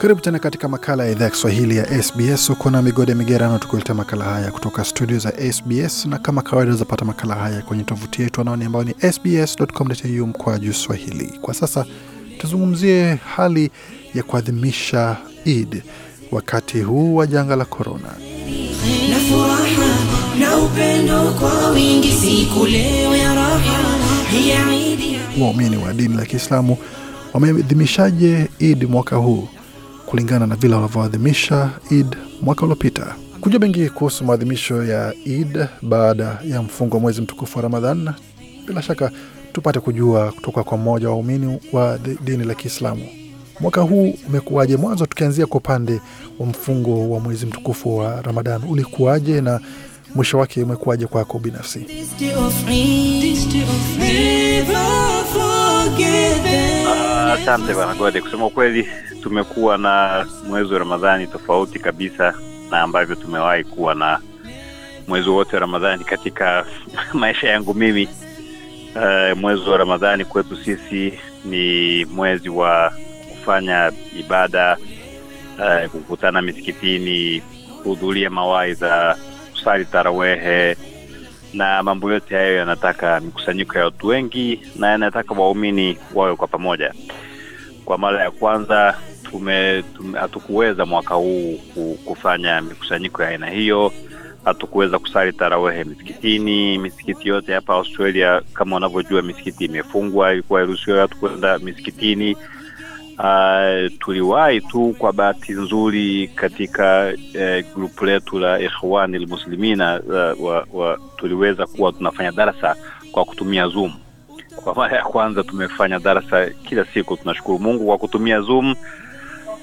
Karibu tena katika makala ya idhaa ya Kiswahili ya SBS. Uko na Migode Migerano tukuletea makala haya kutoka studio za SBS, na kama kawaida zapata makala haya kwenye tovuti yetu anaoni ambayo ni sbs.com.au mkwa juu swahili. Kwa sasa tuzungumzie hali ya kuadhimisha Eid wakati huu wa janga la korona Waumini wa dini la Kiislamu wameadhimishaje Eid mwaka huu? kulingana na vile wanavyoadhimisha Eid mwaka uliopita. Kujua mengi kuhusu maadhimisho ya Eid baada ya mfungo wa mwezi mtukufu wa Ramadhan, bila shaka tupate kujua kutoka kwa mmoja wa waumini wa dini la Kiislamu. Mwaka huu umekuwaje? Mwanzo tukianzia kwa upande wa mfungo wa mwezi mtukufu wa Ramadhan ulikuwaje, na mwisho wake umekuwaje kwako binafsi? Asante bwana Gode, kusema ukweli, tumekuwa na mwezi wa Ramadhani tofauti kabisa na ambavyo tumewahi kuwa na mwezi wote wa Ramadhani katika maisha yangu mimi. Uh, mwezi wa Ramadhani kwetu sisi ni mwezi wa kufanya ibada, uh, kukutana misikitini, kuhudhuria mawaidha, kusali tarawehe na mambo yote hayo yanataka mikusanyiko ya watu wengi na yanataka waumini wawe kwa pamoja kwa mara ya kwanza tume, hatukuweza mwaka huu kufanya mikusanyiko ya aina hiyo. Hatukuweza kusali tarawehe misikitini. Misikiti yote hapa Australia kama unavyojua, misikiti imefungwa, ilikuwa iruhusiwa watu kwenda misikitini. Uh, tuliwahi tu kwa bahati nzuri katika eh, grupu letu la ikhwani Muslimina uh, wa, wa, tuliweza kuwa tunafanya darasa kwa kutumia zumu kwa mara ya kwanza tumefanya darasa kila siku, tunashukuru Mungu kwa kutumia Zoom,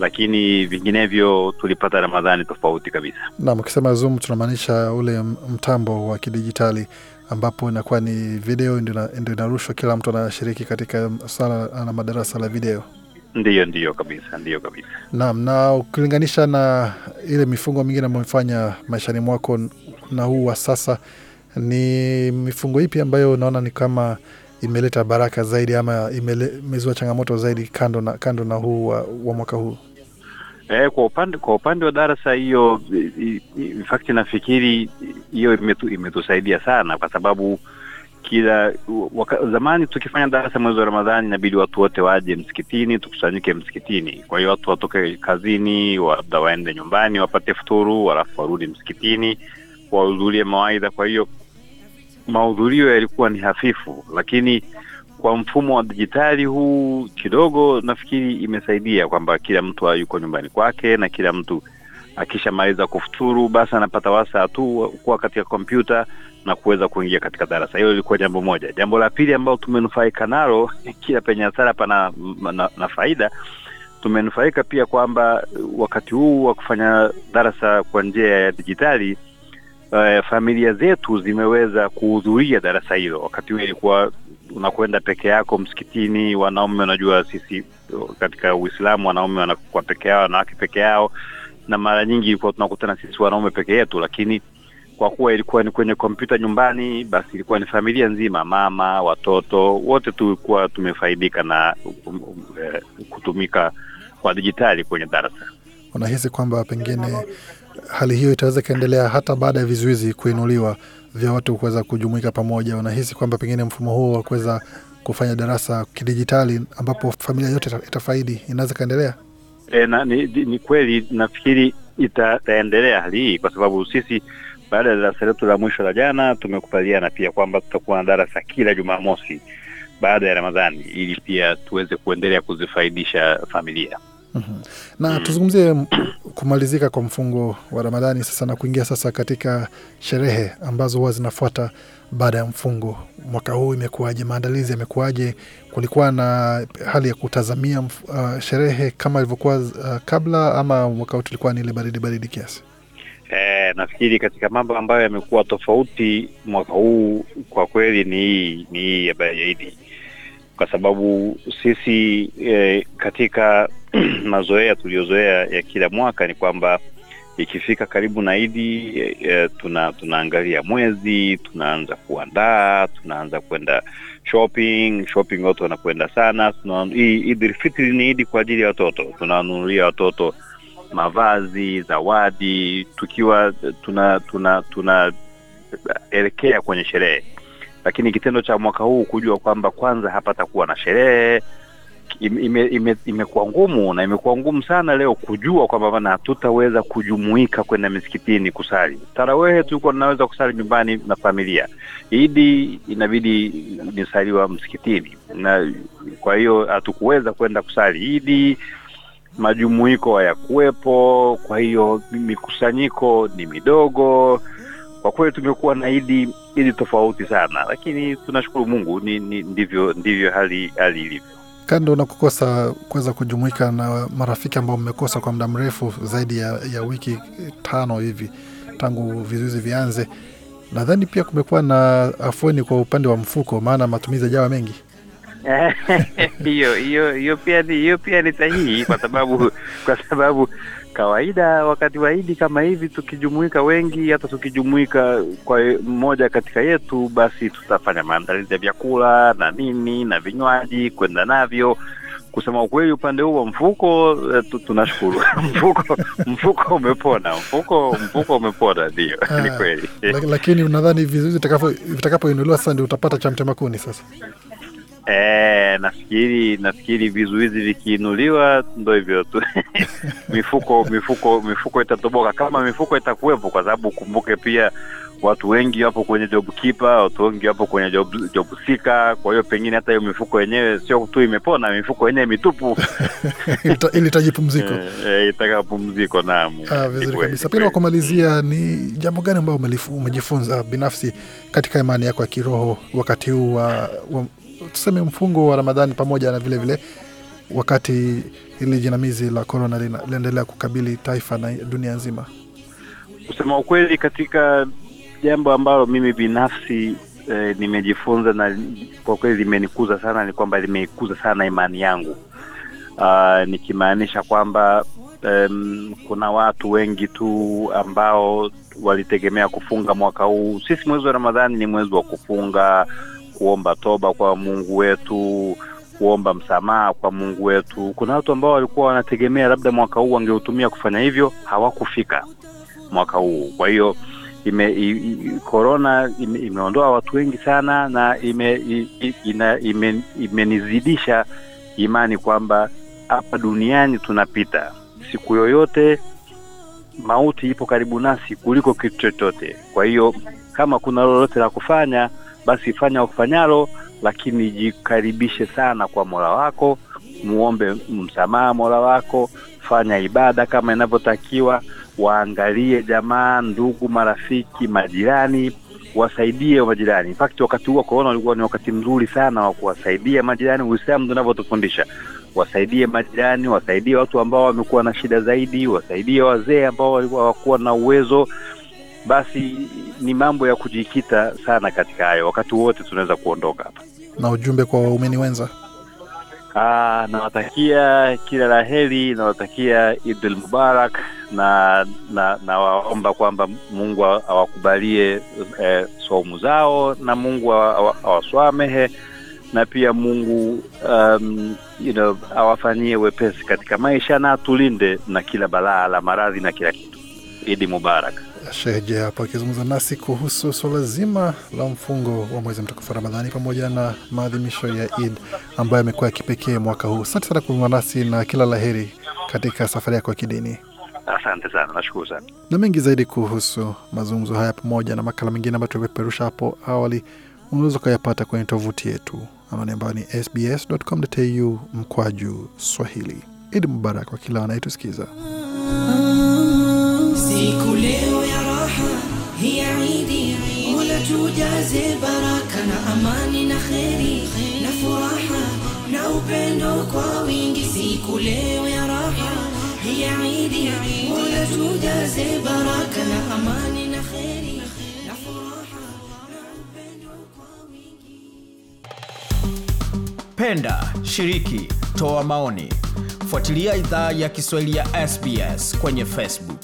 lakini vinginevyo tulipata Ramadhani tofauti kabisa. Naam, ukisema Zoom tunamaanisha ule mtambo wa kidijitali ambapo inakuwa ni video ndio inarushwa, kila mtu anashiriki katika sala na madarasa la video. Ndiyo, ndiyo kabisa, ndiyo kabisa. Naam, na ukilinganisha na ile mifungo mingine ambayo maishani mwako na huu wa sasa, ni mifungo ipi ambayo unaona ni kama imeleta baraka zaidi ama imezua changamoto zaidi kando na, kando na huu wa, wa mwaka huu? E, kwa upande kwa upande wa darasa hiyo, fakti nafikiri hiyo imetu, imetusaidia sana kwa sababu kila waka, zamani tukifanya darasa mwezi wa Ramadhani inabidi watu wote waje msikitini, tukusanyike msikitini. Kwa hiyo watu watoke kazini, labda waende nyumbani wapate futuru, alafu warudi msikitini wahudhurie mawaidha. Kwa hiyo mahudhurio yalikuwa ni hafifu, lakini kwa mfumo wa dijitali huu kidogo nafikiri imesaidia kwamba kila mtu yuko nyumbani kwake na kila mtu akishamaliza kufuturu basi anapata wasaa tu kuwa katika kompyuta na kuweza kuingia katika darasa. Hilo lilikuwa jambo moja. Jambo la pili ambalo tumenufaika nalo, kila penye hasara pana na, na, na faida. Tumenufaika pia kwamba wakati huu wa kufanya darasa kwa njia ya dijitali uh, familia zetu zimeweza kuhudhuria darasa hilo. Wakati huo ilikuwa unakwenda peke yako msikitini, wanaume, unajua sisi katika Uislamu wanaume wanakuwa peke yao, wanawake peke yao, na mara nyingi ilikuwa tunakutana sisi wanaume peke yetu, lakini kwa kuwa ilikuwa ni kwenye kompyuta nyumbani, basi ilikuwa ni familia nzima, mama, watoto wote, tulikuwa tumefaidika na um, um, eh, kutumika kwa dijitali kwenye darasa. Unahisi kwamba pengine hali hiyo itaweza ikaendelea hata baada ya vizuizi kuinuliwa vya watu kuweza kujumuika pamoja. Wanahisi kwamba pengine mfumo huo wa kuweza kufanya darasa kidijitali ambapo familia yote itafaidi inaweza ikaendelea. E, eh, na, ni, ni kweli nafikiri itaendelea hali hii kwa sababu sisi baada ya darasa letu la mwisho la jana tumekubaliana pia kwamba tutakuwa na darasa kila Jumamosi baada ya Ramadhani ili pia tuweze kuendelea kuzifaidisha familia. Mm-hmm. Na mm. tuzungumzie kumalizika kwa mfungo wa Ramadhani sasa na kuingia sasa katika sherehe ambazo huwa zinafuata baada ya mfungo. Mwaka huu imekuwaje? Maandalizi yamekuwaje? Kulikuwa na hali ya kutazamia mf, uh, sherehe kama ilivyokuwa uh, kabla ama mwaka huu tulikuwa ni ile baridi baridi kiasi? Eh, nafikiri katika mambo ambayo yamekuwa tofauti mwaka huu kwa kweli ni hii ni hii ya baridi kwa sababu sisi e, katika mazoea tuliyozoea ya kila mwaka ni kwamba ikifika karibu na Idi e, e, tuna tunaangalia mwezi, tunaanza kuandaa, tunaanza kwenda shopping. Shopping watu wanakwenda sana. Idi ni Idi kwa ajili ya watoto, tunawanunulia watoto mavazi, zawadi, tukiwa tuna tuna tunaelekea tuna kwenye sherehe lakini kitendo cha mwaka huu kujua kwamba kwanza hapatakuwa na sherehe imekuwa ime, ime ngumu na imekuwa ngumu sana leo kujua kwamba bana hatutaweza kujumuika kwenda misikitini kusali tarawehe. Tulikuwa tunaweza kusali nyumbani na familia, Idi inabidi nisaliwa msikitini, na kwa hiyo hatukuweza kwenda kusali Idi, majumuiko hayakuwepo, kwa hiyo mikusanyiko ni midogo. Kwa kweli tumekuwa na Idi ili tofauti sana, lakini tunashukuru Mungu ni, ni, ndivyo, ndivyo hali hali ilivyo. Kando na kukosa kuweza kujumuika na marafiki ambao mmekosa kwa muda mrefu zaidi ya, ya wiki tano hivi tangu vizuizi vianze, nadhani pia kumekuwa na afueni kwa upande wa mfuko, maana matumizi yajawa mengi. hiyo hiyo hiyo pia ni hiyo pia ni sahihi kwa sababu kwa sababu kawaida wakati wa Idi kama hivi tukijumuika wengi, hata tukijumuika kwa mmoja katika yetu, basi tutafanya maandalizi ya vyakula na nini na vinywaji kwenda navyo. Kusema ukweli, upande huu wa mfuko eh, tunashukuru mfuko mfuko umepona, mfuko mfuko umepona, ndio ah, ni kweli. Lakini unadhani vizuizi vitakapoinuliwa sasa ndio utapata chamtemakuni sasa? E, nafikiri nafikiri vizuizi vikiinuliwa ndo hivyo tu mifuko mifuko mifuko itatoboka kama mifuko itakuwepo kwa sababu ukumbuke pia watu wengi wapo kwenye job keeper, watu wengi wapo kwenye job, job seeker. Kwa hiyo pengine hata hiyo mifuko yenyewe sio tu imepona, mifuko yenyewe mitupu ili itaji pumziko e, itaka pumziko. Naam, ah, vizuri kabisa. Pengine kumalizia, ni jambo gani ambayo umejifunza binafsi katika imani yako ya kiroho wakati huu wa, wa tuseme mfungo wa Ramadhani pamoja na vilevile vile, wakati hili jinamizi la korona linaendelea kukabili taifa na dunia nzima. Kusema ukweli, katika jambo ambalo mimi binafsi e, nimejifunza na kwa kweli limenikuza sana ni kwamba limeikuza sana imani yangu. Ah, nikimaanisha kwamba um, kuna watu wengi tu ambao walitegemea kufunga mwaka huu. Sisi mwezi wa Ramadhani ni mwezi wa kufunga, kuomba toba kwa Mungu wetu, kuomba msamaha kwa Mungu wetu. Kuna watu ambao walikuwa wanategemea labda mwaka huu wangeutumia kufanya hivyo, hawakufika mwaka huu. Kwa hiyo ime, i, korona ime, imeondoa watu wengi sana na ime, i, ina, ime, imenizidisha imani kwamba hapa duniani tunapita siku yoyote, mauti ipo karibu nasi kuliko kitu chochote. Kwa hiyo kama kuna lolote la kufanya basi fanya ufanyalo, lakini jikaribishe sana kwa Mola wako, muombe msamaha Mola wako, fanya ibada kama inavyotakiwa, waangalie jamaa, ndugu, marafiki, majirani, wasaidie majirani. In fact wakati huu wa korona ulikuwa ni wakati mzuri sana wa kuwasaidia majirani. Uislamu ndio unavyotufundisha wasaidie majirani, wasaidie watu ambao wamekuwa na shida zaidi, wasaidie wazee ambao walikuwa hawakuwa na uwezo, basi ni mambo ya kujikita sana katika hayo. Wakati wote tunaweza kuondoka hapa. Na ujumbe kwa waumini wenza, ah, nawatakia kila la heri, nawatakia idl Mubarak na na nawaomba kwamba Mungu awakubalie eh, saumu zao na Mungu awaswamehe na pia Mungu um, you know, awafanyie wepesi katika maisha na atulinde na kila balaa la maradhi na kila kitu. Idi Mubarak. Shehe hapo akizungumza nasi kuhusu swala zima la mfungo wa mwezi mtukufu Ramadhani pamoja na maadhimisho ya Id ambayo amekuwa ya kipekee mwaka huu. Asante sana kuungana nasi na kila laheri katika safari yako ya kidini. Asante sana, nashukuru sana. Na mengi zaidi kuhusu mazungumzo haya pamoja na makala mengine ambayo tumepeperusha hapo awali unaweza ukayapata kwenye tovuti yetu amani ambayo ni sbs.com.au mkwaju Swahili. Idi Mubarak kwa kila anayetusikiza. Sikulewe tujaze baraka na amani na kheri na furaha na upendo kwa wingi, siku leo ya raha ya Idi, Mola tujaze baraka na amani na kheri Penda, shiriki, toa maoni, fuatilia idhaa ya Kiswahili ya SBS kwenye Facebook.